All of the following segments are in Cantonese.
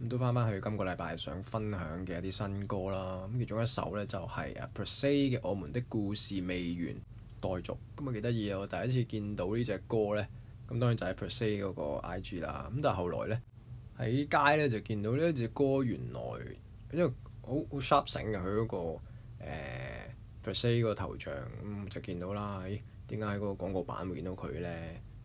咁都翻翻去今個禮拜想分享嘅一啲新歌啦，咁其中一首呢，就係啊 per se 的《我們的故事未完待續》，咁啊幾得意啊！我第一次見到呢隻歌呢，咁當然就係 per se 嗰個 IG 啦，咁但係後來呢，喺街呢就見到呢隻歌，原來因為好好 sharp 醒嘅佢嗰個 per se 個頭像，咁就見到啦，咦、欸？點解喺嗰個廣告版會見到佢呢？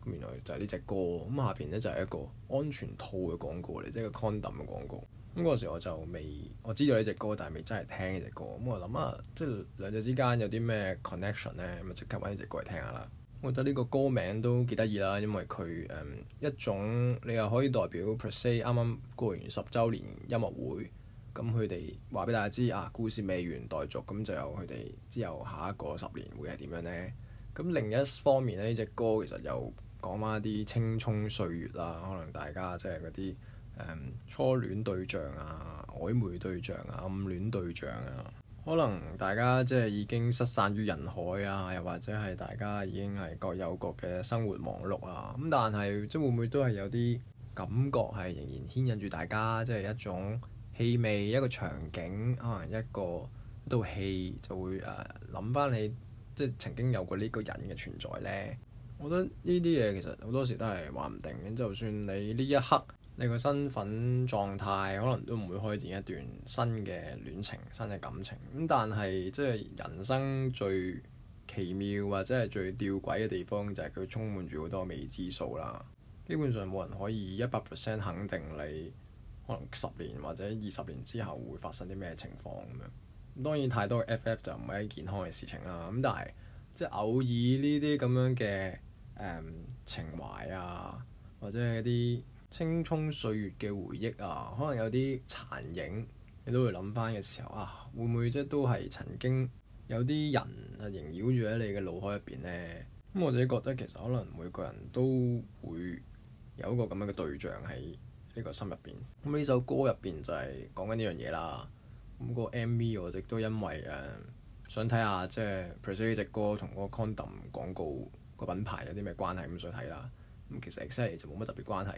原來就係呢隻歌，咁下邊呢就係、是、一個安全套嘅廣告嚟，即係個 condom 嘅廣告。咁嗰陣時我就未我知道呢隻歌，但係未真係聽呢隻歌。咁我諗下，即、啊、係、就是、兩者之間有啲咩 connection 呢？咁啊，即刻揾呢隻歌嚟聽下啦。我覺得呢個歌名都幾得意啦，因為佢誒、嗯、一種你又可以代表 per se 啱啱過完十週年音樂會，咁佢哋話俾大家知啊，故事未完待續，咁就有佢哋之後下一個十年會係點樣呢？咁另一方面呢，呢隻歌其實又～講翻啲青蔥歲月啊，可能大家即係嗰啲誒初戀對象啊、曖昧對象啊、暗戀對象啊，可能大家即係已經失散於人海啊，又或者係大家已經係各有各嘅生活忙碌啊。咁但係即會唔會都係有啲感覺係仍然牽引住大家啊，即係一種氣味、一個場景，可能一個一道氣就會誒諗翻你即係曾經有過呢個人嘅存在呢。我覺得呢啲嘢其實好多時都係話唔定嘅，就算你呢一刻你個身份狀態可能都唔會開展一段新嘅戀情、新嘅感情，咁但係即係人生最奇妙或者係最吊詭嘅地方就係佢充滿住好多未知數啦。基本上冇人可以一百 percent 肯定你可能十年或者二十年之後會發生啲咩情況咁樣。當然太多 FF 就唔係一件健康嘅事情啦。咁但係即係偶爾呢啲咁樣嘅。Um, 情懷啊，或者係啲青蔥歲月嘅回憶啊，可能有啲殘影，你都會諗翻嘅時候啊，會唔會即都係曾經有啲人啊，縈繞住喺你嘅腦海入邊呢？咁我自己覺得其實可能每個人都會有一個咁樣嘅對象喺呢個心入邊。咁呢首歌入邊就係講緊呢樣嘢啦。咁、個 M V 我亦都因為誒、嗯、想睇下，即係 per se 呢隻歌同嗰個 condom 廣告。個品牌有啲咩關係咁想睇啦？咁其實 X 系列就冇乜特別關係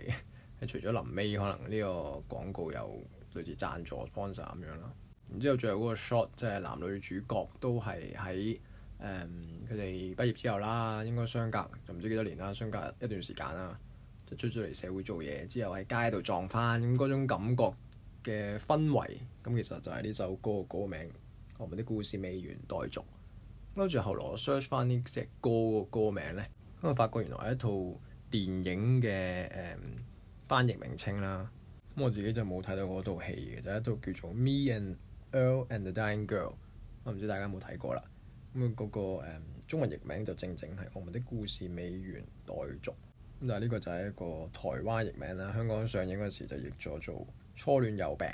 嘅， 除咗臨尾可能呢個廣告有類似贊助 sponsor 咁樣啦。然之後最後嗰個 shot 即係男女主角都係喺佢哋畢業之後啦，應該相隔就唔知幾多年啦，相隔一段時間啦，就出咗嚟社會做嘢之後喺街度撞翻，咁嗰種感覺嘅氛圍，咁其實就係呢首歌嘅歌、那個、名，我們的故事未完待續。跟住後來我 search 翻呢隻歌個歌名呢，咁啊發覺原來係一套電影嘅誒、嗯、翻譯名稱啦。咁我自己就冇睇到嗰套戲嘅，就是、一套叫做《Me and Earl and the Dying Girl》，我唔知大家有冇睇過啦。咁啊嗰個、嗯、中文譯名就正正係《我們的故事未完待續》。咁但係呢個就係一個台灣譯名啦。香港上映嗰陣時就譯咗做《初戀有病》。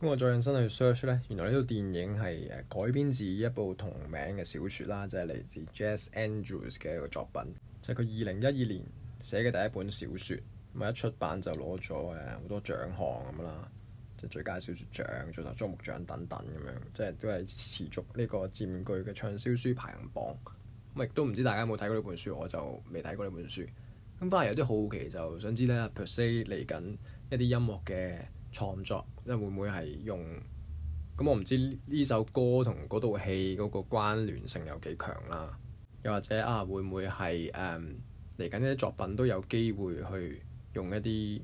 咁我再引申去 search 咧，原來呢套電影係誒改編自一部同名嘅小説啦，就係嚟自 Jazz Angels 嘅一個作品，就係佢二零一二年寫嘅第一本小説，咁啊一出版就攞咗誒好多獎項咁啦，即係最佳小説獎、最受矚目獎等等咁樣，即係都係持續呢個佔據嘅暢銷書排行榜。咁亦都唔知大家有冇睇過呢本書，我就未睇過呢本書。咁反而有啲好奇，就想知咧 per se 嚟緊一啲音樂嘅創作即係會唔會係用咁、嗯，我唔知呢首歌同嗰套戲嗰個關聯性有幾強啦。又或者啊，會唔會係誒嚟緊呢啲作品都有機會去用一啲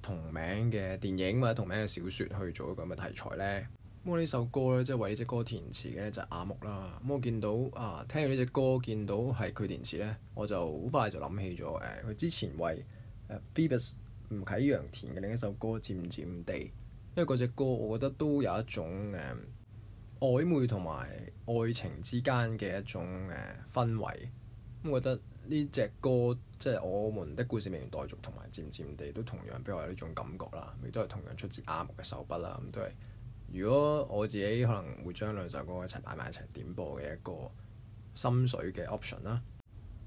同名嘅電影或者同名嘅小説去做一個咁嘅題材呢？咁我呢首歌咧，即、就、係、係、為呢隻歌填詞嘅就係、阿木啦。咁我見到啊，聽完呢隻歌見到係佢填詞咧，我就好快就諗起咗誒，佢、啊、之前為誒 Phoebus。Uh, Phoebus, 吳啟陽填嘅另一首歌，漸漸地，因為嗰隻歌，我覺得都有一種誒曖、嗯、昧同埋愛情之間嘅一種誒、嗯、氛圍。咁我覺得呢隻歌，即、就、係、是、我們的故事未完待續，同埋漸漸地都同樣俾我有呢種感覺啦，亦都係同樣出自阿木嘅手筆啦。咁、嗯、都係，如果我自己可能會將兩首歌一齊擺埋一齊點播嘅一個心水嘅 option 啦。